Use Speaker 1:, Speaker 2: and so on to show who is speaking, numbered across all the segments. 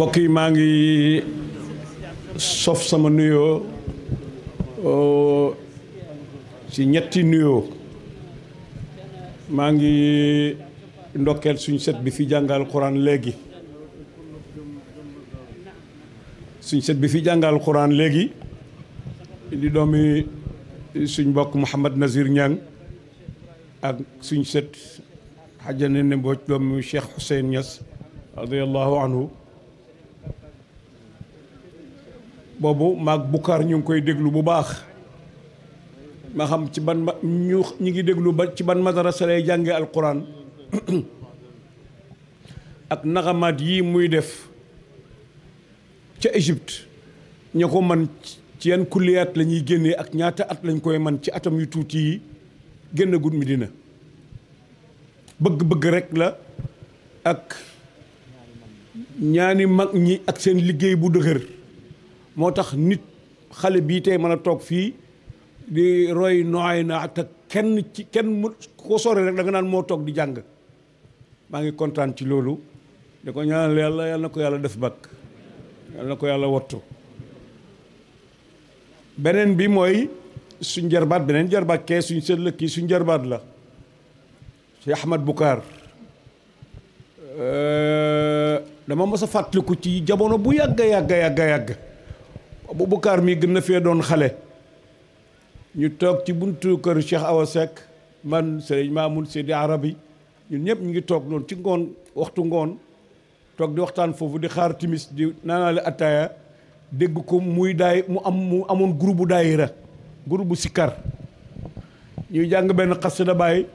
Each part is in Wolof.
Speaker 1: mbokk yi maa ngi sof sama nuyoo oh, ci ñetti nuyoo maa ngi ndokkeel suñ set bi fi jàngal xuraan léegi suñ set bi fi jàngal xuraan léegi di doomi suñ mbokk Mouhamad Nazir Niang ak suñ set xajane ne mbooc doomi Cheikh Hussein Niass radiallahu anhu boobu maag Boucar ñu ngi koy déglu bu baax ma xam ci ban ñu ñu ngi déglu ba ci ban madarasa lay jànge alquran ak naxamaat yii muy def ca Égypte ña ko man ci yan kulliyaat la ñuy génnee ak ñaata at lañ koy man ci atam yu tuuti yi génn gud mi dina bëgg-bëgg rek la ak ñaani mag ñi ak seen liggéey bu dëgër moo tax nit xale bii tey mën a toog fii di roy nooy na te kenn ci kenn ko sore rek da nga naan moo toog di jàng maa ngi kontaan ci loolu da ko ñaanal yàlla yàlla na ko yàlla def bag yàlla ko yàlla wattu beneen bi mooy suñ jarbaat beneen jarbaat kee suñ sët kii suñ jarbaat la si Ahmad Bukaar euh, dama mës a fàttaliku ci jamono bu yàgg yàgg yàgg yàgg Boubacar mii gën na fee doon xale ñu toog ci buntu kër Cheikh Awa Seck man Serigne Mamoun Seydi Arabi ñun ñëpp ñu ngi toog noonu ci ngoon waxtu ngoon toog di waxtaan foofu di xaar timis di naanaale ataaya dégg ko muy daay mu am mu amoon grubu bu daayira groupe bu sikar ñuy jàng benn xasida Baay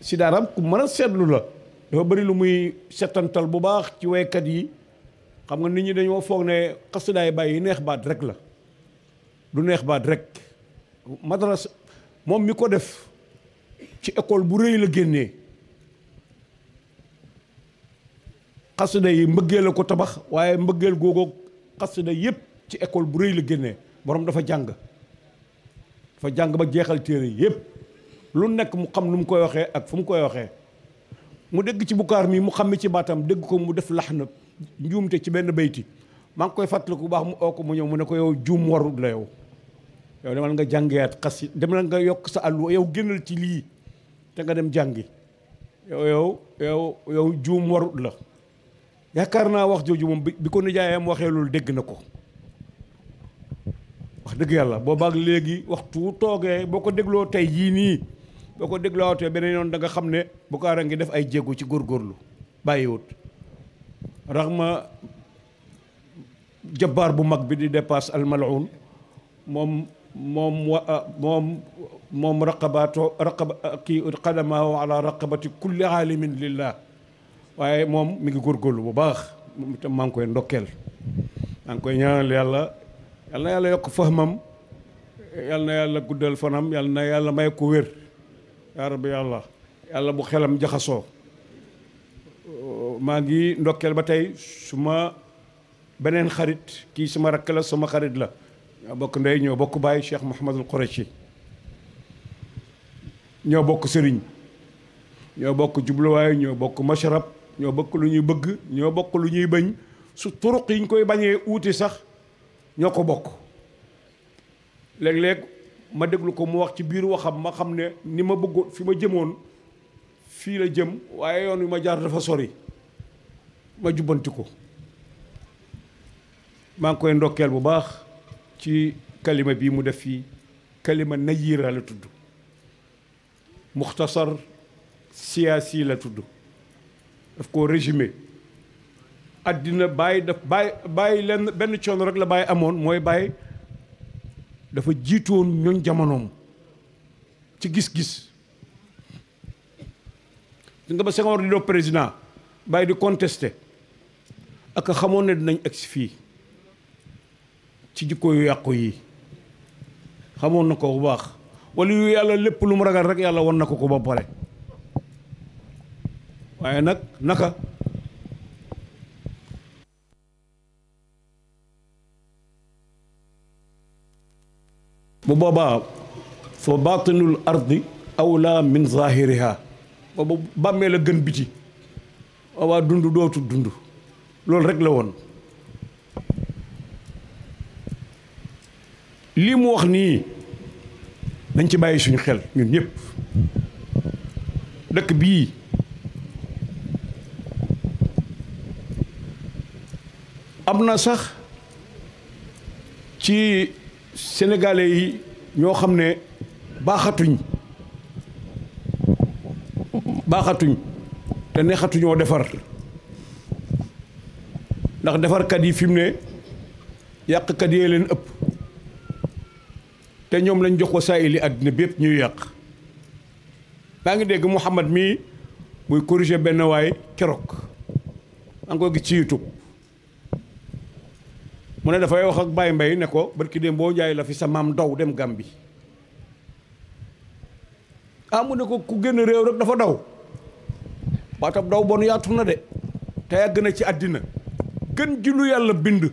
Speaker 1: si daaram ku mën a seetlu la dafa bari lu muy setantal bu baax ci waykat yi xam nga nit ñi dañoo foog ne xasidaay Baye yi neex baat rek la du neex baat rek madras moom mi ko def ci école bu rëy la génnee xasida yi mbëggeel ko tabax waaye mbëggeel googu xasida yépp ci école bu rëy la génnee boroom dafa jàng fa jàng ba jeexal téere yépp lu nekk mu xam lu mu koy waxee ak fu mu koy waxee mu dégg ci bukaar mii mu xam mi ci baatam dégg ko mu def lax na njuumte ci benn bayti maa ngi koy fàttaliku bu baax mu oo ko mu ñëw mu ne ko yow juum warul la yow yow demal nga jàngeyaat xas demal nga yokk sa àllu yow génnal ci lii te nga dem jàngi yow yow yow yow juum warul la yaakaar naa wax jooju moom bi ko nijaayam waxee loolu dégg na ko wax dëgg yàlla boobaag léegi waxtu toogee boo ko dégloo tey yii nii boo ko dégluwaatee beneen yoon da nga xam ne bu ko ngi def ay jéego ci góorlu bàyyiwut raxma jabbaar bu mag bi di dépasse almalun moom moom ah, moom raqabaatoo raqaba ah, kii qadamaahu ala kulli aalimin lillah waaye moom mi ngi góorgóorlu bu baax moom itam maa ngi koy ndokkeel maa ngi koy ñaanal yàlla yal na yàlla yokk yàlla guddal fanam yàlla yàlla bu xelam jaxasoo maa ngi ndokkeel ba tey su ma beneen xarit kii suma rakk la suma xarit la ñoo bokk ndey ñoo bokk bàyyi baay Cheikh Mouhamadul Khourachi ñoo bokk sëriñ ñoo bokk jubluwaay ñoo bokk masharab ñoo bokk lu ñuy bëgg ñoo bokk lu ñuy bañ su turuq yi ñu koy bañee uuti sax ñoo ko bokk léeg-léeg ma déglu ko mu wax ci biir waxam ma xam ne ni ma bëggoon fi ma jëmoon fii la jëm waaye yoon wi ma jaar dafa sori ba jubbanti maa ngi koy ndokkeel bu baax ci kalima bii mu def fii kalima nayiira la tudd muxtasar siyaasi la tudd daf koo résumé àddina bàyyi daf bàyyi bàyyi lenn benn coono rek la bàyyi amoon mooy bàyyi dafa jiitoon ñooñ jamonoom ci gis-gis su nga ba Senghor di doo président bàyyi di contesté ak xamoon ne dinañ egsi fii ci jikko yu yàqu yi xamoon na ko bu baax walla yu yàlla lépp lu mu ragal rek yàlla won na ko ko ba pare waaye nag naka bu boobaa fa baatinul ardi awla min zahiriha boobu bàmmee la gën biti waawaa dund dootu dund loolu rek la woon lii mu wax nii dañ ci bàyyi suñu xel ñun ñëpp dëkk bii am na sax ci sénégalais yi ñoo xam ne baaxatuñ baaxatuñ te neexatuñoo defar ndax defarkat yi fi mu ne yàqkat yee leen ëpp te ñoom lañ jox wasaayili àddina bépp ñuy yàq maa ngi dégg Mouhamad mii muy corriger benn waay keroog maa ngi ko gis ci YouTube mu ne dafay wax ak Baye mbay ne ko barki dem boo jaay la fi sa maam daw dem Gàmbi ah mu ne ko ku génn réew rek dafa daw baatab daw bon yaatu na de te yàgg na ci àddina gën ji yàlla bind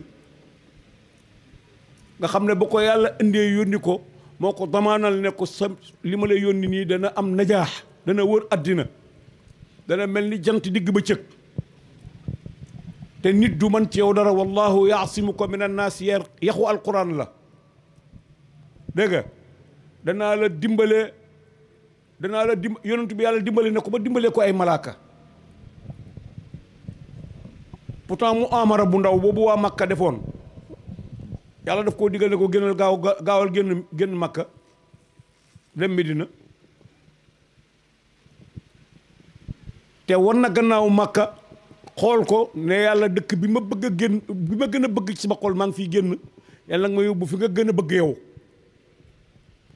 Speaker 1: nga xam ne boo ko yàlla indee yónni ko moo ko damaanal ne ko sa li yónni nii dana am najaax dana wër àddina dana mel ni jant digg ba cëg te nit du man ci yow dara wallahu yaasimuka min annaas yeer yaxu alquran la dégg nga danaa la dimbale danaa la dim yonent bi yàlla dimbale ne ko ba dimbalee ko ay malaaka pourtant mu amara bu ndaw boobu waa Makka defoon yàlla def koo digal ne ko génnal gaaw gaawal génn génn Makka dem Medina te war na gannaaw Makka xool ko ne yàlla dëkk bi ma bëgg génn bi ma gën a bëgg ci ma xool maa ngi fiy génn yàlla nga ma yóbbu fi nga gën a bëgg yow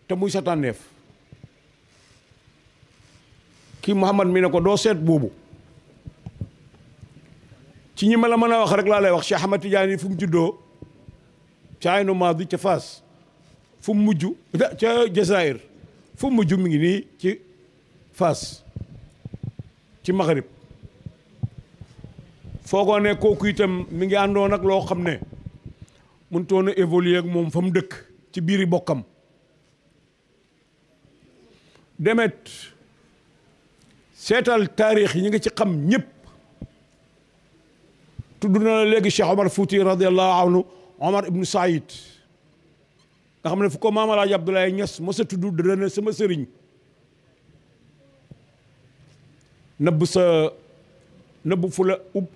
Speaker 1: te muy sa tànneef kii Muhammad mi ne ko doo seet boobu ci ñi ma la mën a wax rek laa lay wax Cheikh Ahmad Tidiane fu mu juddoo ca Aynu Maadi ca Faas fu mujj ca Jazaïr fu mujj mi ngi nii ci Faas ci Maghrib foogoo ne kooku itam mi ngi àndoon ak loo xam ne mun toon a ak moom fa mu dëkk ci biir biiri bokkam demet seetal taarix yi ñu ngi ci xam ñépp tudd na léegi Cheikh Omar Fouti radiallahu anhu Omar ibnu Saïd nga xam ne fu ko maam Alaaji Abdoulaye Niass mos tudd dana ne sama sëriñ nëbb sa nëbb fu ub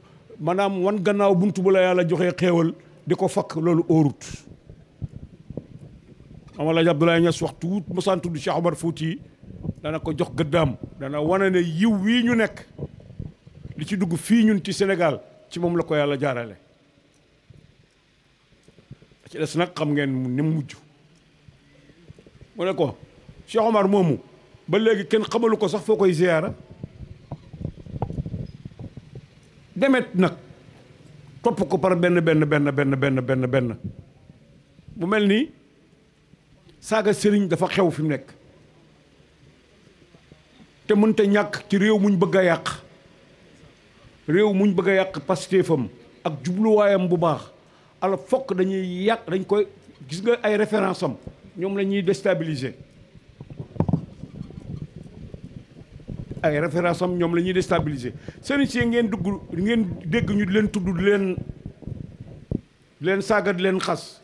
Speaker 1: maanaam wan gannaaw bunt bu la yàlla joxe xéewal di ko fakk loolu óorut maam Alaaji Abdoulaye Niass waxtu wut mosaan tudd Cheikh Omar Fouti dana ko jox gëddaam dana wane ne yiw wii ñu nekk li ci dugg fii ñun ci Sénégal ci moom la ko yàlla jaarale ci des nag xam ngeen ni mu mujj mu ne ko Cheikh moomu ba léegi kenn xamalu ko sax foo koy ziyaara demet nag topp ko par benn benn benn benn benn benn benn mu mel nii saaga sëriñ dafa xew fi mu nekk te mënta ñàkk ci réew muñ bëgg a yàq réew muñ bëgg a yàq pastéefam ak jubluwaayam bu baax alors fokk dañuy yàq dañ koy gis nga ay référence am ñoom lañuy ñuy ay référence ñoom lañuy ñuy déstabiliser seen ngeen dugg ngeen dégg ñu leen tudd di leen leen saaga di leen xas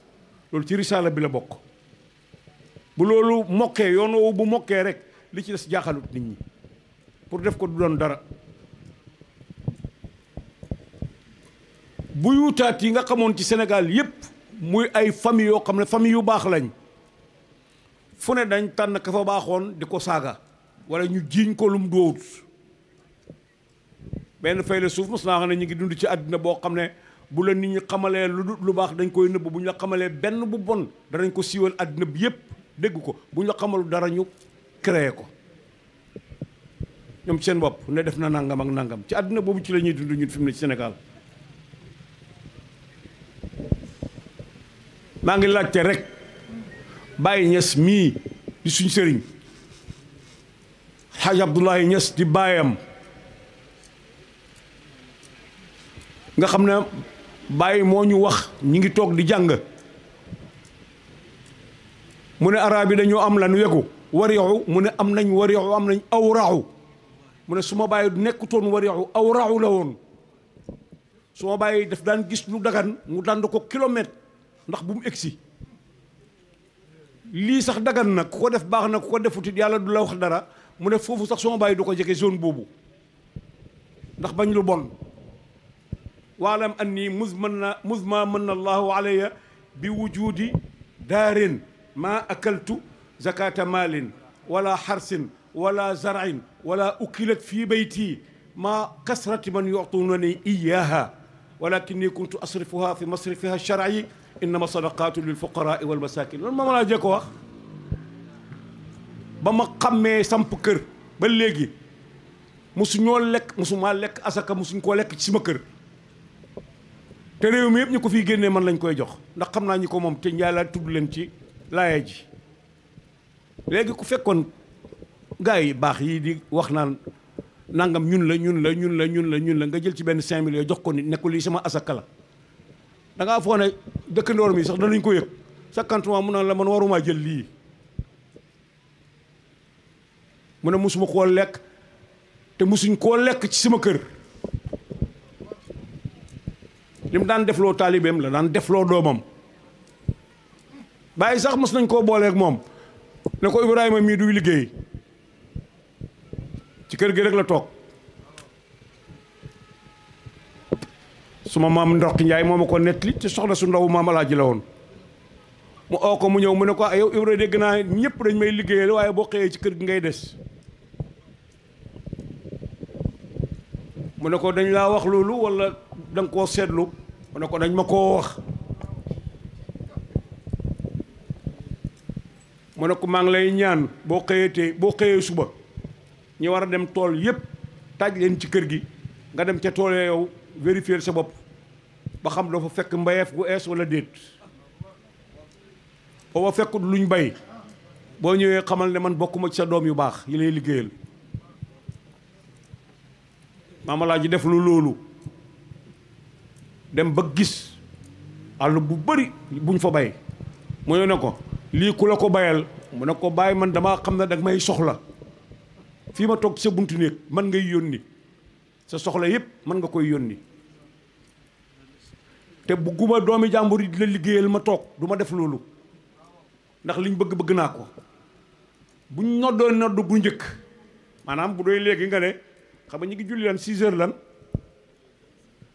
Speaker 1: loolu ci risaala bi la bokk bu loolu mokkee yoon woowu bu mokkee rek li ci des jaaxalut nit ñi pour def ko du doon dara bu yuutaat yi nga xamoon ci Sénégal yépp muy ay famille yoo xam ne famille yu baax lañ fu ne dañ tànn ka fa baaxoon di ko saaga wala ñu jiiñ ko lum doowut benn fay la suuf mos naa xam ne ñu ngi dund ci àddina boo xam ne bu la nit ñi xamalee lu lu baax dañ koy nëbb bu ñu la xamalee benn bu bon danañ ko siiwal àddina bi yépp dégg ko bu ñu la xamalu dara ñu créé ko ñoom seen bopp ne def na nangam ak nangam ci àddina boobu ci la ñuy dund ñun fi mu Sénégal maa ngi laajte rek bàyyi ñas mii di suñ sëriñ Xaaj Abdoulaye Niass di baayam nga xam ne bàyyi moo ñu wax ñi ngi toog di jàng mu ne araab yi dañoo am lan weku warixu mu ne am nañ warixu am nañ aw awraxu mu ne su ma bàyyi nekkutoon aw awraxu la woon su ma bàyyi daf daan gis lu dagan mu dànd ko kilomètre ndax bu mu egsi lii sax dagan na ku ko def baax na ku ko defutit yàlla du la wax dara mu ne foofu sax sama bàyyi du ko jege zone boobu ndax bañ lu bon waalam an nii mus mën na mus ma mën na allahu alayya bi wujudi daarin maa akaltu zakata maalin wala xarsin wala zar'in wala ukilat fii bayti ma kasrati man yu'tunani iyaha walakin ni kuntu asrifuha fi masrifiha shar'i ma sadaqaatu lil fuqaraa wal masaakin loolu ma laa jëkk ko wax ba ma xammee samp kër ba léegi musu ñoo lekk musu maa lekk asaka musuñ koo lekk ci sama kër te réew mi yëpp ñu ko fiy génnee man lañ koy jox ndax xam naa ñi ko moom te njaay laa tudd leen ci laaya ji léegi ku fekkoon gaa yi baax yii di wax naan nangam ñun la ñun la ñun la ñun la ñun la nga jël ci benn cinq millions jox ko nit ne ko lii sama asaka la da ngaa foog ne dëkkandoor mi sax danañ ko yëg sa kantumaa mu ne la man warumaa jël lii mu ne musuma koo lekk te musuñ koo lekk ci suma kër li mu daan defloo taalibeem la daan defloo doomam bàyyi sax mos nañ koo booleeg moom ne ko Ibrahima mii duy liggéey ci kër gi rek la toog suma maam Ndoxti Njaay moo ma ko nettali ci soxna su ndaw maam alaaji la woon mu oo ko mu ñëw mu ne ko ah, yow Ibra dégg naa ñëpp dañ may liggéeyal waaye boo xëyee ci kër gi ngay des mu ne ko dañ laa wax loolu walla da nga koo seetlu mu ne ko dañ ma koo wax mu ne ko maa ngi lay ñaan boo xëyee tey boo xëyee suba ñu war a dem tool yëpp taaj leen ci kër gi nga dem ca tool yow vérifier sa bopp ba xam doo fa fekk mbayeef gu ees wala déet boo fekkut luñ bay boo ñëwee xamal ne man bokkuma ci sa doom yu baax yi lay liggéeyal maama ji def lu loolu dem ba gis àll bu bari buñ fa bay mu ne ko lii ku la ko bayal mu ne ko bàyyi man damaa xam ne dag may soxla fii ma toog sa buntu néeg man ngay yónni sa soxla yépp man nga koy yónni te bugguma doomi jàmbur yi di la liggéeyal ma toog du ma def loolu ndax liñ bëgg bëgg naa ko bu buñ noddoo nodd bu njëkk maanaam bu doy léegi nga ne xam nga ñu ngi julli lan 6 lan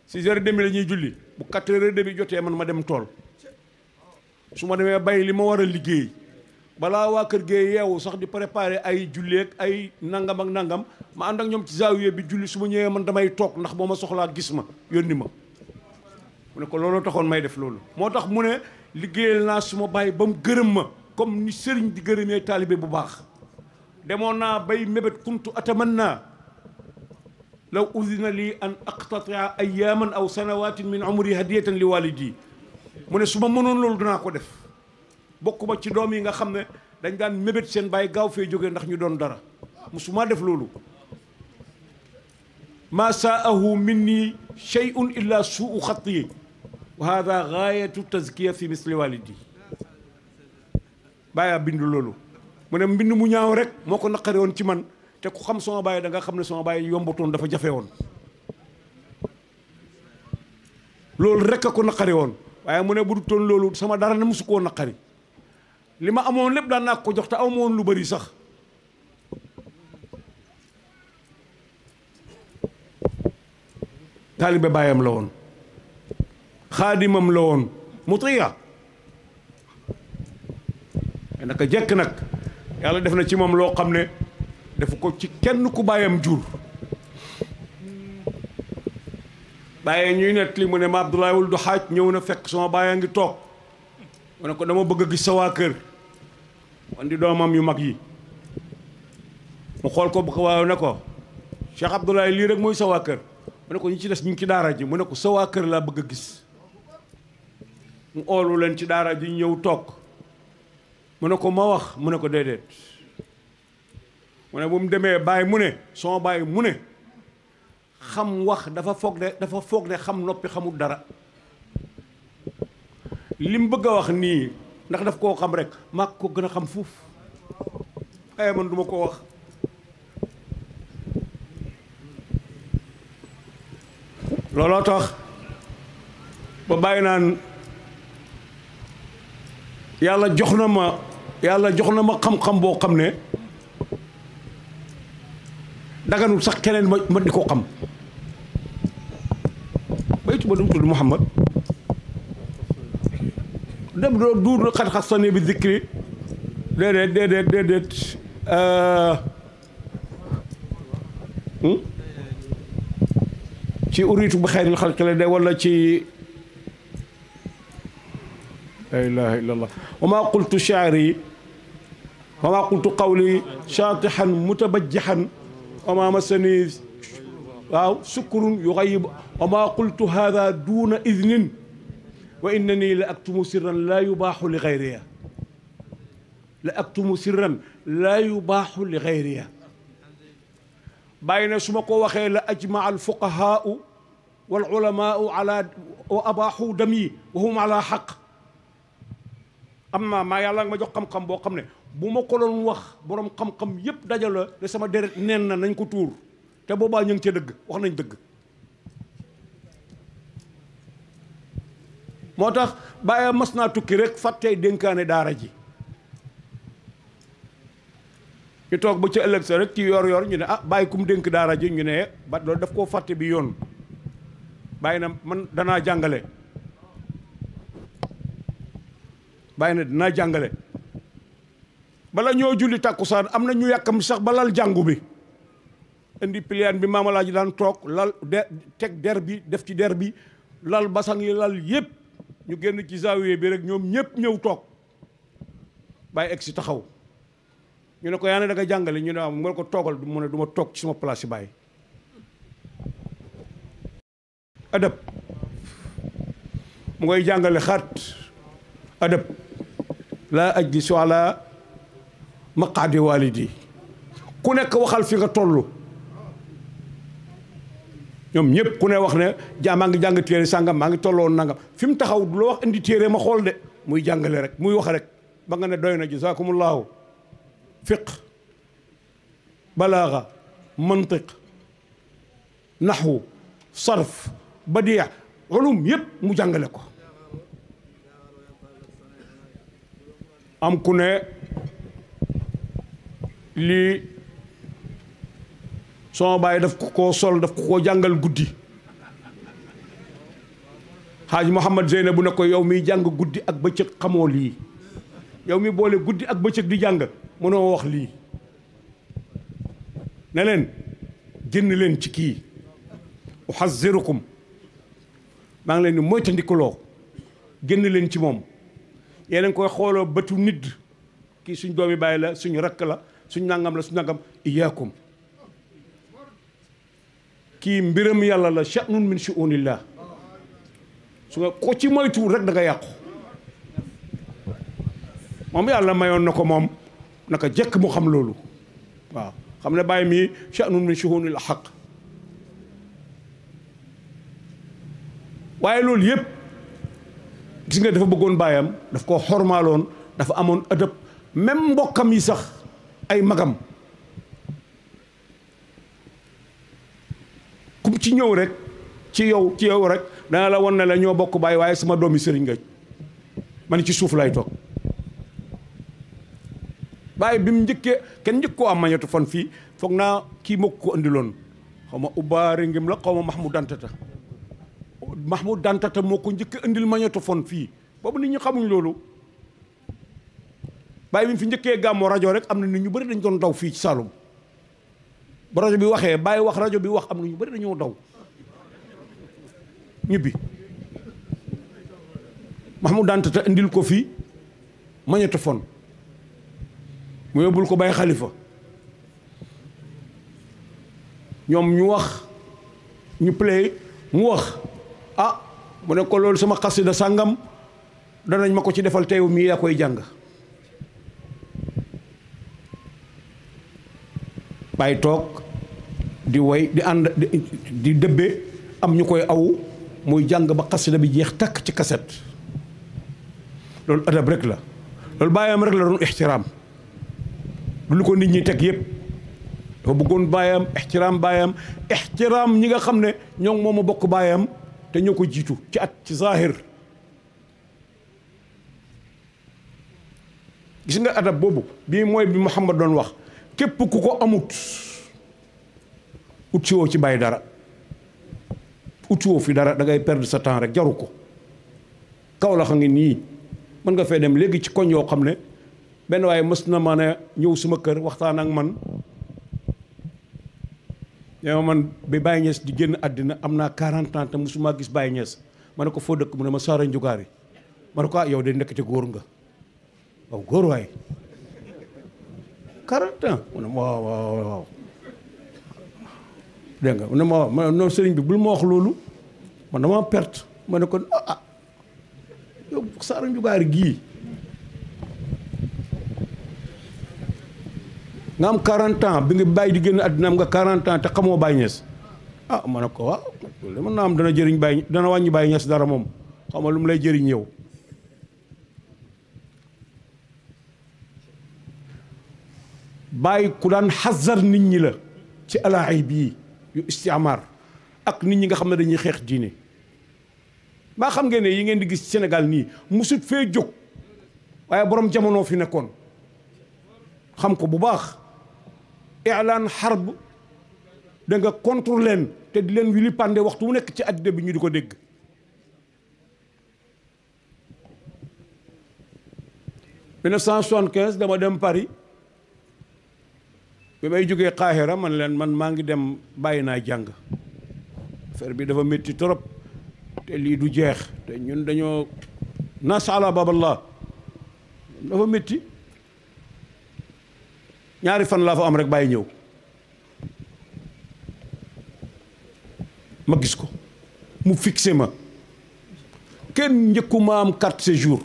Speaker 1: 6 heures demi la ñuy julli bu 4 heures jotee man ma dem tool su ma demee bay li ma war a liggéey balaa waa kër gee yeewu sax di préparer ay julleeg ay nangam ak nangam ma ànd ak ñoom ci zaawiye bi julli su ma ñëwee man damay toog ndax moo ma soxlaa gis ma yónni ma. mu ne ko looloo taxoon may def loolu moo tax mu ne liggéeyal naa suma bàyyi ba mu gërëm ma comme ni sëriñ di gërëmee taalibe bu baax demoon naa bay mébét kuntu atamanna law udina lii an aqtatia ayaman aw sanawatin min umri hadiyatan li walidi mu ne su ma mënoon loolu danaa ko def bokk ma ci doom yi nga xam ne dañ daan mébét seen bàyyi gaaw fee jógee ndax ñu doon dara musuma def loolu ma saahu minni shay'un illa suu xat yi wa hada gaayatu tazkiya fi misli walidi bàyyaa bind loolu mu ne mbind mu ñaaw rek moo ko naqare woon ci man te ku xam sama baay da nga xam ne soo sama baay yombatoon dafa jafe woon loolu rek a ko naqari woon waaye mu ne bu dutoon loolu sama dara na musu koo naqari li ma amoon lépp daan naa ko jox te amoon lu bari sax taalibe baayam la woon xaadimam la woon mutiya naka jekk nag yàlla def na ci moom loo xam ne defu ko ci kenn ku bàyyam jur bàyyee ñuy nett li mu ne ma Abdoulaye wul du xaaj ñëw na fekk sama bàyyaa ngi toog mu ne ko dama bëgg a gis sawaa kër wan di doomam yu mag yi mu ko bu ko waaw ne ko Cheikh Abdoulaye lii rek mooy sa waa kër ko ñi ci des ñu ngi ci daara ji mu ne ko sawaa kër laa bëgg a gis mu oolu leen ci daara ji ñëw toog mu ne ko ma wax mu ne ko déedéet mu ne bu mu demee bàyyi mu ne son bàyyi mu ne xam wax dafa foog ne dafa foog ne xam noppi xamul dara li mu bëgg a wax nii ndax daf koo xam rek maa ko gën a xam fuuf ay eh, man duma koo wax looloo tax ba bàyyi naan yàlla jox na ma yàlla jox na ma xam-xam boo xam ne daganul sax keneen ma ma di ko xam baytu ba dum tudd Muhammad dem doo duur xat xas sani bi zikri déedéet déedéet déedéet euh, hmm? ci uritu bi xayril xalqi la de wala ci la ilaha illa allah wa maa qultu shaari wa maa qultu qawli shaatihan mutabajjihan wa maa massani waaw sukkurun yugayyib wa maa qultu haada duuna idnin wa innani la aktumu sirran laa yubaaxu li gayriya la aktumu sirran laa yubaaxu li gayriya bàyyi na su ma ko waxee la ajmaa alfuqahaau wal ulamaau ala wa abaaxu dam yi wa hum ala xaq am na maa yàlla ma jox xam-xam boo xam ne bu ma ko doon wax boroom xam-xam yépp dajala ne sama deret neen na nañ ko tuur te boobaa ñu ngi ca dëgg wax nañ dëgg moo tax bàyyi mas naa tukki rek fàttee dénkaane daara ji ñu toog bu ca ëllëg sa rek ci yoor yor ñu ne ah bàyyi kum dénk daara ji ñu ne ba loolu daf koo fàtte bi yoon bàyyi na man danaa jàngale bàyyi na dinaa jàngale bala ñoo julli tàkkusaan am na ñu yàkkam sax ba lal jàngu bi indi pliaan bi maamalaa ji daan toog lal teg der bi def ci der bi lal basang yi lal yëpp ñu génn ci zaawiye bi rek ñoom ñëpp ñëw toog bàyyi egg si taxaw ñu ne ko yaa ne da nga jàngale ñu ne waaw mu ko toogal mu ne du ma toog ci sama place yi bàyyi adab mu ngay jàngale xaat adab laa ajlisu ala maqaadi walidi ku nekk waxal fi nga tollu ñoom ñëpp ku ne wax ne jaa maa ngi jàng téere sàngam maa ngi tolloon nangam fi mu taxaw du la wax indi téere ma xool de muy jàngale rek muy wax rek ba nga ne doy na jazaakumullaahu fiq balaaga mantiq naxwu sarf badiya ulum yëpp mu jàngale ko am ku ne lii sama baay daf ko koo sol daf ko koo jàngal guddi xaaj Mouhamad Zeynab bu ne ko yow miy jàng guddi ak bëccëg xamoo lii yow mi boole guddi ak bëccëg di jàng mënoo wax lii ne leen génn leen ci kii uxazirukum maa ngi leen di moytandikuloo génn leen ci moom yéen a ngi koy xooloo bëtu nit kii suñ doomi bàyyi la suñ rakk la suñ nàngam la suñ nangam iyaakum kii mbiram yàlla la sha'nun min shu'unillah su nga ko ci moytuwul rek da yàqu moom yàlla mayoon na ko moom naka jekk mu xam loolu waaw xam ne bàyyi mii sha'nun min shu'unil haqq waaye loolu yëpp si nga dafa bëggoon baayam daf koo xormaaloon dafa amoon ëdëb même mbokkam yi sax ay magam kum ci ñëw rek ci yow ci yow rek dana la won ne la ñoo bokk baay waaye sama doomi sëriñ nga man ci suuf lay toog bàyyi bi mu njëkkee kenn njëkk koo am magnétophone fii foog naa kii moo ko andiloon xaw ma ubbaari ngim la xaw ma Mahmoud Anta Mahmoud Dantata moo ko njëkk indil magnétophone fii boobu nit ñi xamuñ loolu bàyyi bi fi njëkkee gàmmoo rajo rek am na nit ñu bari dañ doon daw fii ci Saloum ba rajo bi waxee bàyyi wax rajo bi wax am na ñu bëri dañoo daw ñibbi Mahmoud Dantata indil ko fii magnétophone mu yóbbul ko Baye xalifa ñoom ñu wax ñu play mu wax ah mu ne ko loolu sama xasida sàngam danañ ma ko ci defal teew mii yaa koy jàng bàyyi toog di woy di ànd di dëbbe am ñu koy aw muy jàng ba xasida bi jeex takk ci kaset loolu adab rek la loolu bàyyam rek la doon ixtiraam du lu ko nit ñi teg yëpp dafa bëggoon bàyyam ixtiraam bàyyam ixtiraam ñi nga xam ne ñoom moom ma bokk baayam te ñoo ko jiitu ci at ci zaahir gis nga adab boobu bii mooy bi Muhammad doon wax képp ku ko amut ut ci bàyyi dara ut si woo fi dara dangay ngay sa temps rek jaru ko kaw la xam ngi nii mën nga fee dem léegi ci koñ yoo xam ne benn waaye mës na ma ne ñëw suma kër waxtaan ak man yow man bi Baye Niass di génn àddina am naa 40 ans te musuma gis bàyyi Niass ma ne ko foo dëkk mu ne ma Saara Njugaar ma ne ko ah yow de nekk góor nga waaw góor nga mu ma waaw ma non sëriñ bi bul ma wax loolu ah, ah, Saara Njugaar gii nga am 40 ans bi nga bàyyi di génn àddina am nga 40 ans te xamoo Baye Niass ah ma ne ko waaw loolu mën naa am dana jëriñ Baye dana wàññi Baye Niass dara moom xam nga lu mu lay jëriñ yow. Baye ku daan xasar nit ñi la ci alaay bii yu istiamaar nit ñi nga xam ne dañuy xeex diine maa xam ngeen ne yi ngeen di gis senegal nii musut fee jóg waaye boroom jamono fi nekkoon xam ko bu baax ilaan xarb da nga contre leen te di leen wili pande waxtu wu nekk ci addina bi ñu di ko dégg mille cent soixante-quinze dama dem Paris bi may jógee Qahira man leen man maa ngi dem bàyyi naa jàng affaire bi dafa metti trop te lii du jeex te ñun dañoo nas ala baballah dafa métti ñaari fan laa fa am rek bàyyi ñëw ma gis ko mu fixé ma kenn njëkku ma am carte séjour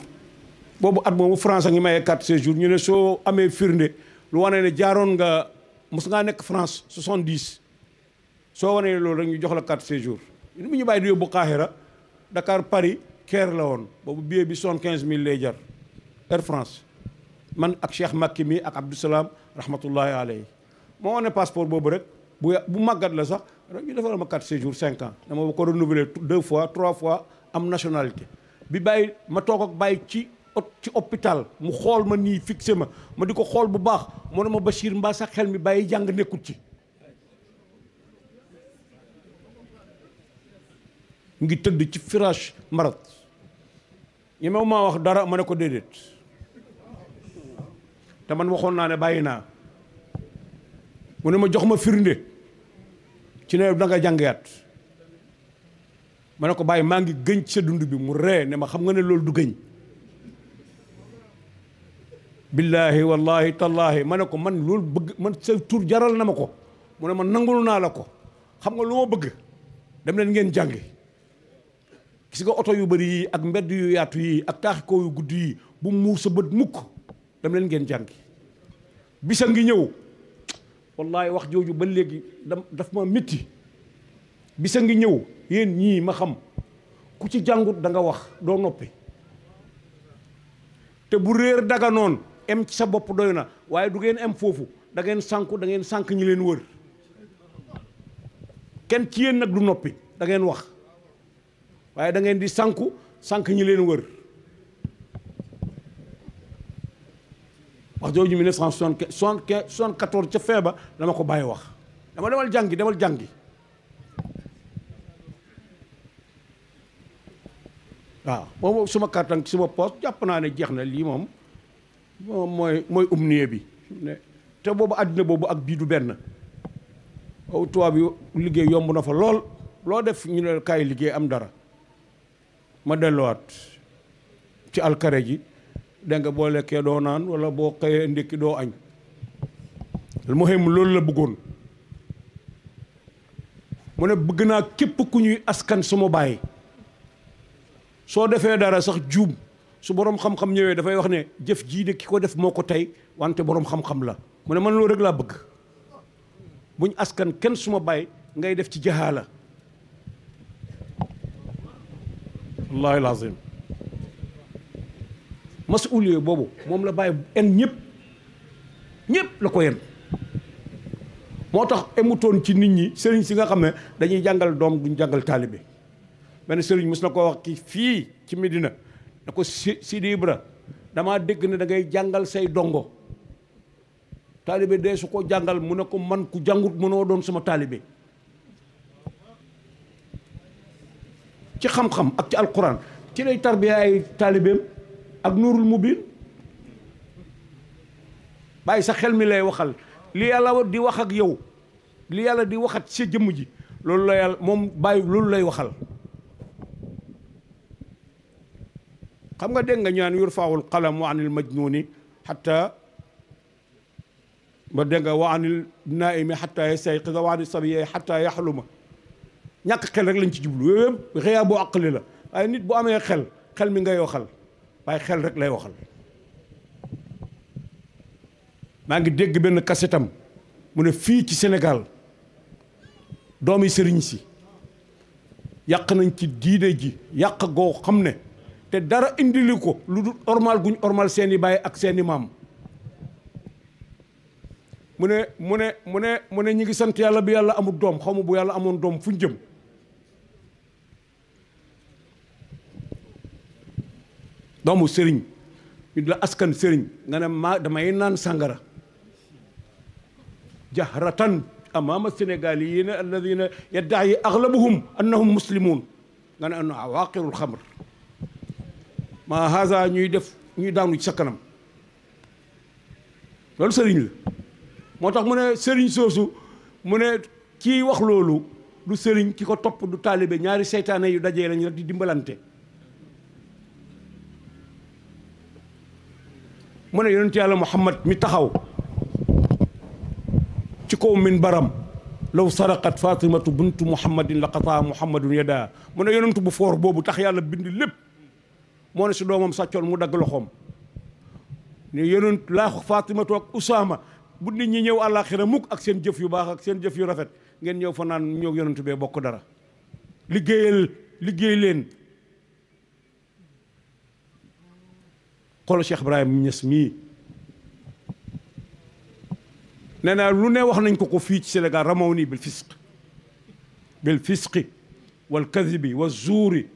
Speaker 1: boobu at moomu France a ngi mayee carte séjour ñu ne soo amee firnde lu wane ne jaaroon nga mos ngaa nekk France 70 soo wane loolu rek ñu jox la carte séjour ñu mu ñu bàyyi di yóbbu Qahira Dakar Paris Caire la woon boobu billet bi soixante quinze mille lay jar Air France man ak Cheikh Makki mi ak Abdou Salam rahmatullahi alayhi moo wane passeport boobu rek bu bu màggat la sax ñu defal ma carte séjour cinq ans dama ko renouveler deux fois trois fois am nationalité bi bàyyi ma toog ak bàyyi ci ci hôpital mu xool ma nii fixé ma ma di ko xool bu baax mu ne ma Bachir mbaa sax xel mi bàyyi jàng nekkul ci ngi tëdd ci firage marat ñi ma maa wax dara ma ne ko déedéet te man waxoon naa ne bàyyi naa mu ne ma jox ma firnde ci ne da nga ma ne ko bàyyi maa ngi gëñ ci sa dund bi mu ree ne ma xam nga ne loolu du gëñ billaahi wallaahi tallaahi ma ne ko man loolu bëgg man sa tur jaral na ma ko mu ne ma nangul naa la ko xam nga lu ma bëgg dem leen ngeen jàngi gis nga oto yu bari yii ak mbedd yu yaatu yii ak taaxikoo yu gudd yii bu muur sa bët mukk dem leen ngeen jàngi bisa ngi ñëw wallahi wax jooju ba léegi daf ma métti bisa ngi ñëw yéen ñii ma xam ku ci jàngut danga wax doo noppi te bu réer daga noon em ci sa bopp doy na waaye du ngeen em foofu dangeen ngeen sànku da ngeen sànk ñi leen wër kenn ci yéen nag du noppi da ngeen wax waaye dangeen di sànku sànk ñi leen wër wax jooju 1975 74 ca feeba dama ko bàyyi wax dama demal jàngi demal jàngi waaw moom suma kàttan suma poos jàpp naa ne jeex na lii moom moom mooy mooy umniye bi te boobu àddina boobu ak bii du benn aw tubaab yi liggéey yomb na fa lool loo def ñu ne kaay liggéey am dara ma delluwaat ci alkare ji dégg nga boo lekkee doo naan wala boo xëyee ndékki doo añ muhim loolu la bëggoon mu ne bëgg naa képp ku ñuy askan suma bàyyi soo defee dara sax juum su boroom xam-xam ñëwee dafay wax ne jëf jii de ki ko def moo ko tey wante boroom xam-xam la mu ne man loolu rek laa bëgg buñ askan kenn suma bàyyi ngay def ci jahaala wallahi lazim masuuliye boobu moom la bàyyi en ñëpp ñëpp la ko yen moo tax emutoon ci nit ñi sëriñ si nga xam ne dañuy jàngal doom duñ jàngal taalibe benn sëriñ mos na koo wax ki fii ci Medina na ko Sidi Ibra damaa dégg ne da ngay jàngal say dongo taalibe dee su ko jàngal mu ne ko man ku jàngut mënoo doon sama taalibe ci xam-xam ak ci alquran ci lay tarbiya ay taalibeem ak nuurul mubin bàyyi sa xel mi lay waxal li yàlla di wax ak yow li yàlla di waxat sa jëmm ji loolu la yàlla moom bàyyi loolu lay waxal xam nga dégg nga ñaan yurfaawul qalamu anil majnuni xatta ba dégg nga wa anil naimi xatta yastayqida wa anil sabiyi xatta yaxluma ñàkk xel rek lañ ci jublu yooyu yëpp boo àqali la waaye nit bu amee xel xel mi ngay waxal waaye xel rek lay waxal maa ngi dégg benn kasetam mu ne fii ci Sénégal doomi sëriñ si yàq nañ ci diine ji yàq goo xam ne te dara indili ko lu dul ormal guñ ormal seeni baay ak seeni maam mu ne mu ne mu ne mu ne ñi ngi sant yàlla bi yàlla amul doom xaw ma bu yàlla amoon doom fu ñu jëm doomu sëriñ ñu la askan sëriñ nga ne maa damay naan sàngara jahratan amaama sénégaliyina alladina yaddaai aglabuhum annahum muslimun nga ne ana awaqirul xamr ñuy def ñuy daanu ci sa kanam loolu sëriñ la moo tax mu ne sëriñ soosu mu ne kii wax loolu du sëriñ ki ko topp du taalibe ñaari seytaane yu dajee lañ rek di dimbalante mu ne yonentu yàlla muhammad mi taxaw ci kaw min baram law saraqat fatimatu buntu muhammadin la qataa muhammadun yada mu ne yonentu bu foor boobu tax yàlla bind lépp moo ne si doomam sàccoon mu dagg loxoom ne yonent laa fatimatu ak usaama bu nit ñi ñëw àllaaxira mukk ak seen jëf yu baax ak seen jëf yu rafet ngeen ñëw fa naan ñëw yonentu bee bokk dara liggéeyal liggéey leen xoolal Cheikh Ibrahim Niass mii nee naa lu ne wax nañ ko ko fii ci Sénégal nii bil fisq bil fisqi wal kadhibi wa zuuri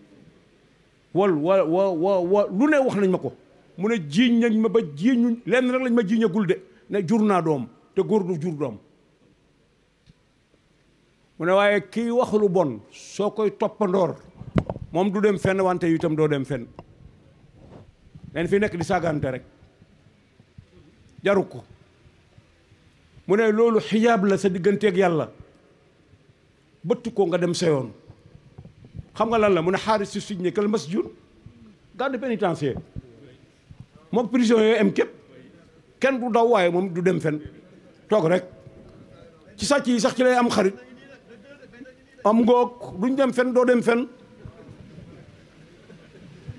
Speaker 1: wal wa wa wa wa lu ne wax nañ ma ko mu ne jiiñ nañ ma ba jiiñu lenn rek lañ ma jiiñagul de ne jur naa doom te góor du jur doom mu ne waaye kii wax lu bon soo koy toppandoor moom du dem fenn wante yu tam doo dem fenn dañ fi nekk di saagante rek jaru ko mu ne loolu xijaab la sa digganteeg yàlla bëtt ko nga dem sa yoon xam nga lan la mu ne xaaris si sijne kal masjun garde pénitentiaire moom prison yooyu am képp kenn du daw waaye moom du dem fen toog rek ci sàcc yi sax ci lay am xarit am ngoog duñ dem fen doo dem fen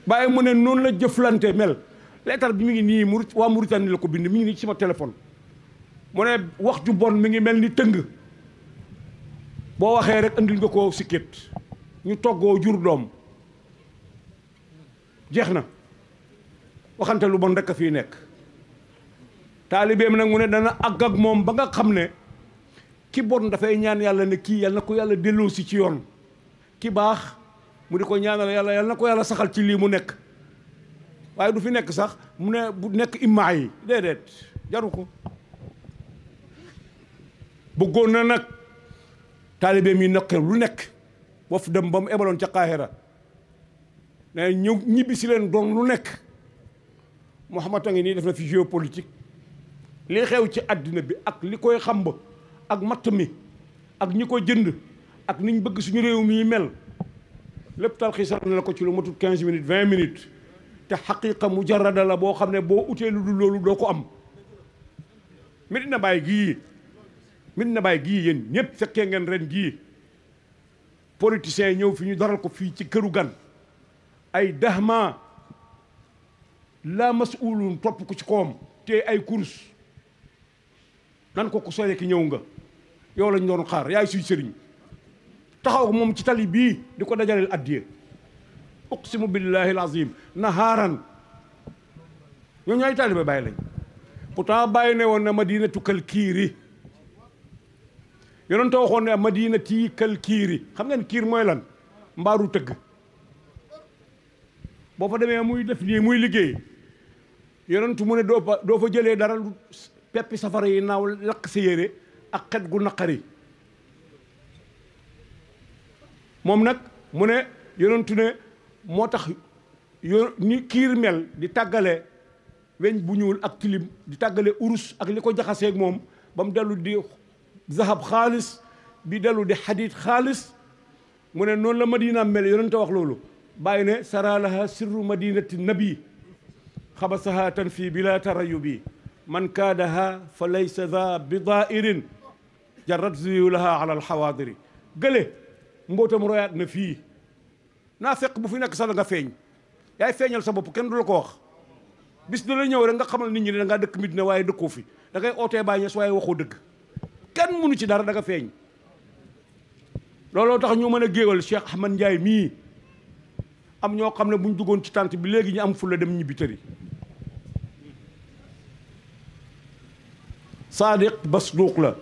Speaker 1: bàyyi mu ne noonu la jëflante mel leetar bi mu ngi nii mu waa Mauritanie la ko bind mi ngi nii ci sama téléphone mu ne wax ju bon mi ngi mel ni tëng boo waxee rek andil nga ko sikket ñu toggoo jur doom jeex na waxante lu bon rek a fii nekk taalibeem nag mu ne dana àgg moom ba nga xam ne ki bon dafay ñaan yàlla ne kii yàlla ko yàlla delloo ci yoon ki baax mu di ko ñaanal yàlla yàlla na ko yàlla saxal ci lii mu nekk waaye du fi nekk sax mu ne bu nekk immaa yi déedéet jaru ko bëggoon na nag taalibeem mii naqe lu nekk waf dem ba mu ebaloon ca Qahira ne ñëw ñibbi si leen doom lu nekk Mouhamad a nii def na fi géopolitique li xew ci àddina bi ak li koy xamba ak matt mi ak ñi ko jënd ak niñ bëgg suñu réew mi mel lépp talxiisal na la ko ci lu matut 15 minutes 20 minutes te xaqiqa mujarrada la boo xam ne boo utee lu dul loolu doo ko am mit na Baye gii Medina Baye gii yéen ñëpp fekkee ngeen ren gii politiciens yi ñëw fi ñu daral ko fii ci këru gan ay dahma la masulun topp ko ci koom te ay course nan ko ku sore ki ñëw nga yow lañ doon xaar yaay suy sëriñ taxaw moom ci tali bii di ko dajaleel addiye uqsimu billahi alazim nahaaran ñoo ñaay taalibe bàyyi lañ pourtant bàyyi ne woon na madinatu kalkiiri yonent waxoon ne madinati kalkiiri xam ngeen kiir mooy lan mbaaru tëgg boo fa demee muy def nii muy liggéey yonent mu ne doo fa doo fa jëlee dara peppi safara yi naaw lakk sa yére ak xet gu naqari moom nag mu ne yonentu ne moo tax yo kiir mel di tàggale weñ bu ñuul ak tilim di tàggale urus ak li ko jaxaseeg moom ba mu dellu di zahab xaalis bi dellu di xadit xaalis mu ne noonu la madina mel yonente wax loolu bàyyi ne saralaha sirru madinati nabi xabasaha tan fii bila tarayubi man kaadaha fa bi za bidairin jarat ziyu laha alxawaadiri gële mbootam royaat na fii naa fekk bu fi nekk sax da nga feeñ yaay feeñal sa bopp kenn du la ko wax bis da la ñëw rek nga xamal nit ñi ne da ngaa dëkk Medina waaye dëkkoo fi da ngay ootee bàññees waaye waxoo dëgg kenn mënu ci dara da feeñ looloo tax ñu mën a géewal Cheikh Ahmad njaay mii am ñoo xam ne buñ duggoon ci tànt bi léegi ñu am fulla dem ñibbi tëri saadiq basduq la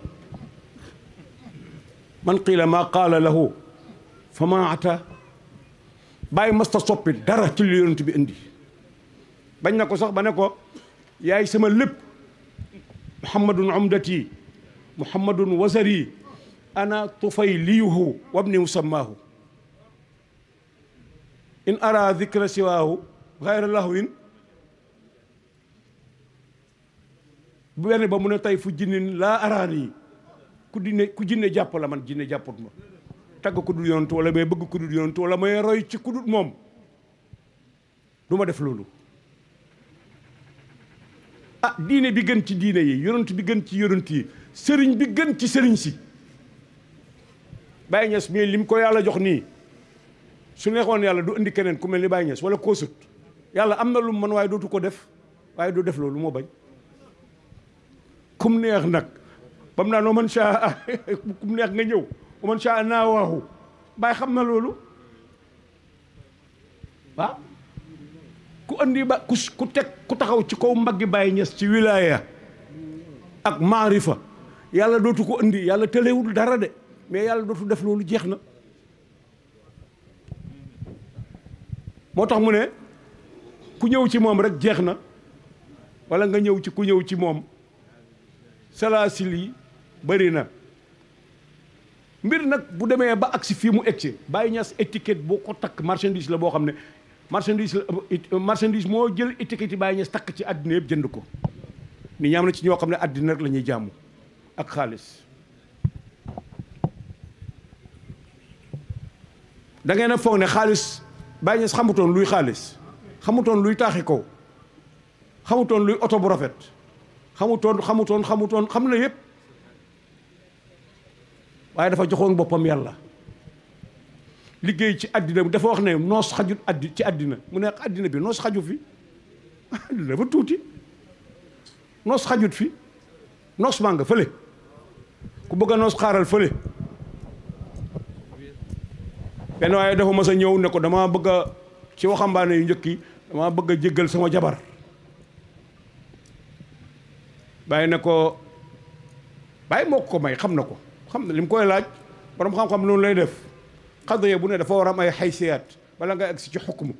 Speaker 1: man qiila maa qaala lahu fama ata bàyyi masta soppi dara ci li yonent bi indi bañ na ko sax ba ne ko yaay sama lépp muhammadun umdati muhammadun wasari ana tufayliyuhu wabni musammaahu in ara dikra siwaahu gayra lahwin bu benn ba mu ne tey fu jinnin laa araani ku dinne ku jinne jàpp la man jinne jàpput ma tagg ku dul yonantu wala may bëgg ku dul yonantu wala may roy ci ku moom du ma def loolu a ah, diine bi gën ci diine yi yonant bi gën ci yonant yi sëriñ bi gën ci sëriñ si Baye Niass mii lim ko yàlla jox nii su neexoon yàlla du indi keneen ku mel ni Baye Niass wala koo sut yàlla am na lu man waaye dootu ko def waaye du def loolu ma bañ kum neex nag bam naa noo man saa kum neex nga ñëw man sha naawahu bàyyi xam na loolu waaw ku andi ba ku teg ku taxaw ci kaw mbaggi Baye Niass ci wilaya ak maarifa yàlla dootu ko andi yàlla tëlewul dara de mais yàlla dootu def loolu jeex na moo tax mu ne ku ñëw ci moom rek jeex na wala nga ñëw ci ku ñëw ci moom salaasil yi bëri na mbir nag bu demee ba agsi fii mu egg si Baye Niass étiquette boo ko takk marchandise la boo xam ne marchandise la marchandise moo jël étiquette yi Baye Niass takk ci àddina yëpp jënd ko ni ñaam na ci ñoo xam ne àddina rek la ñuy jàmm ak xaalis da ngeen a foog ne xaalis Baye Niass xamutoon luy xaalis xamutoon luy taaxi ko xamutoon luy oto bu rafet xamutoon xamutoon xamutoon xam na yëpp waaye dafa joxoon boppam yàlla liggéey ci àddina bi dafa wax ne noos xajut addi ci àddina mu ne àddina bi noos xaju fi àddina tuuti noos xajut fi noos maa nga fële ku bëgg a noos xaaral fële benn waaye dafa mas a ñëw ne ko damaa bëgg a ci waxambaane yu njëkk yi dama bëgg a jéggal sama jabar bàyyi na ko bàyyi moo ko may xam na ko xam ne li mu koy laaj borom xam-xam loolu lay def xadaya bu ne dafa war am ay xaysiyaat bala nga agsi ci xukmu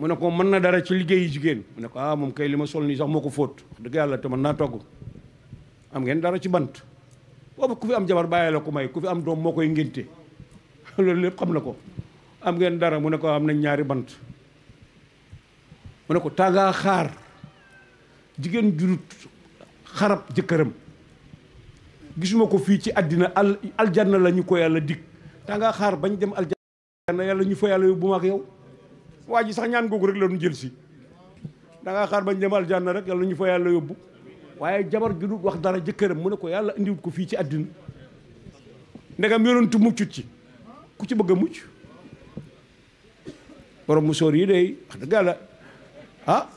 Speaker 1: mu ne ko mën na dara ci liggéeyu jigéen mu ne ko ah moom kay li ma sol moo ko fóot dëgg yàlla te mën naa togg am ngeen dara ci bant boobu ku fi am jabar bàyyi la ko may ku fi am doom moo koy ngénte lépp xam na ko am ngeen dara mu ne ko am na ñaari bant mu ne ko tàngaa xaar jigéen jurut xarab jëkkëram gisuma ko fii ci àddina al aljanna lañu ko yàlla dig daa ngaa xaar bañ dem aljanna yàlla ñu fa yàlla yóbbu ma yow waa ji sax ñaan googu rek la ñu jël si da ngaa xaar bañ dem aljanna rek yàlla ñu fa yàlla yóbbu waaye jabar gi du wax dara jëkkëram mu ne ko yàlla indiwut ko fii ci àddina ndegam yonentu muccut ci ku ci bëgg a mucc borom mu soor yi day wax dëgg yàlla ah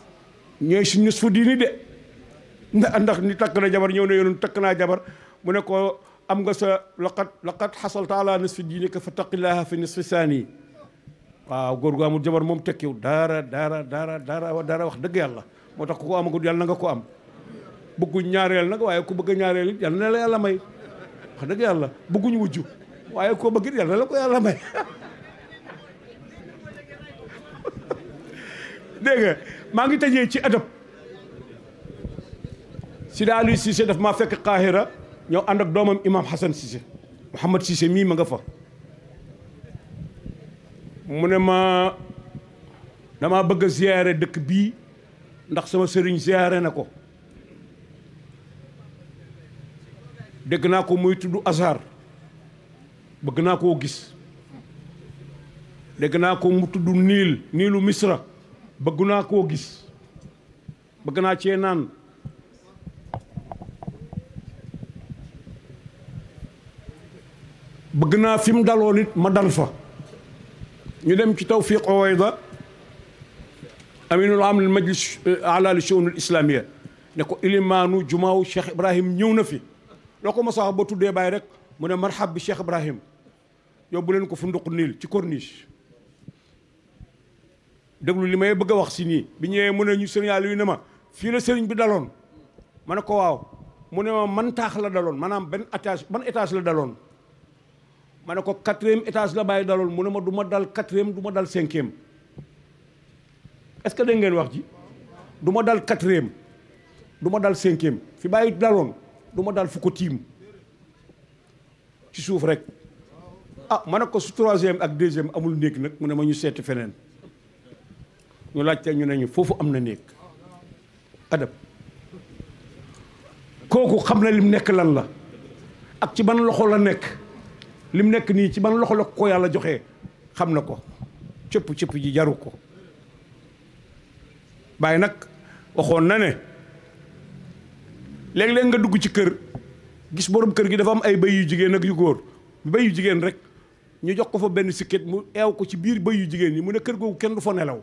Speaker 1: ñooy suñu su diini de ndax ni takk na jabar ñëw ne yonentu takk naa jabar mu ne ko am nga sa laqat laqat xasalta ala nisfi diinika fattaqillaha fi nisfi saani waaw góor gu amu jabar moom tekkiw dara dara dara dara wax dëgg yàlla moo tax ku ko amagul yàlla na nga ko am bëgguñ ñaareel nag waaye ku bëgg a ñaareel it yàlla na la yàlla dëgg yàlla bëgguñ wujju waaye koo bëgg it yàlla na la ko yàlla may dégg maa ngi tëjee ci adab si daal si daf maa fekk Qahira ñow ànd ak doomam imam Hassan Cissé Mouhamad Cissé mii ma nga fa mu ne ma damaa bëgg a ziyaare dëkk bii ndax sama sëriñ ziyaare na ko dégg naa ko muy tudd Azhar bëgg naa koo gis dégg naa ko mu tudd niil niilu Misra bëgg naa koo gis bëgg naa cee bëgg naa fi mu daloon it ma dal fa ñu dem ci Tawfiq Owayda aminul amil majlis euh, ala li sha'unil islamiyya ne ko ilimaanu jumaaw Cheikh Ibrahim ñëw na fi loo ko ma sax ba tuddee bàyyi rek mu ne marhab bi Cheikh Ibrahim yóbbu leen ko fu nduq niil ci corniche déglu li may bëgg a wax si nii bi ñëwee mu ne ñu sëriñ Aliou na ma fi la sëriñ bi daloon ma ne ko waaw mu ne ma man taax la daloon maanaam benn étage ban étage la daloon ma ne ko quatrième étage la bàyyi daloon mu ne ma du ma dal quatrième du ma dal cinquième est-ce que dégg ngeen wax ji du ma dal quatrième du ma dal cinquième fi bàyyi daloon du ma dal fu ko tiim ci suuf rek ah ma ne ko su troisième ak deuxième amul néeg nag mu ne ma ñu seeti feneen ñu laajte ñu ne ñu foofu am na néeg adab kooku xam na lim nekk lan la ak ci ban loxo la nekk lim nekk nii ci ban loxo la ko yàlla joxe xam na ko cëpp cëpp ji jaru ko bàyyi nag waxoon na ne léeg leen nga dugg ci kër gis borom kër gi dafa am ay bëy yu jigéen ak yu góor bëy yu jigéen rek ñu jox ko fa benn sikket mu eew ko ci biir bëy yu jigéen ñi mu ne kër googu kenn du fa nelaw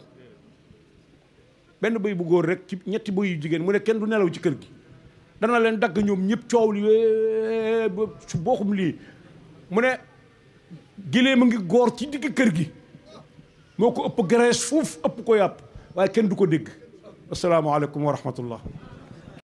Speaker 1: benn bëy bu góor rek ci ñetti bëy yu jigéen mu ne kenn du nelaw ci kër gi dana leen dagg ñoom ñépp coow li su booxum lii mu ne gileem a ngi góor ci digg kër gi moo ko ëpp graisse fuuf ëpp ko yàpp waaye kenn du ko dégg asalaamaaleykum wa rahmatullah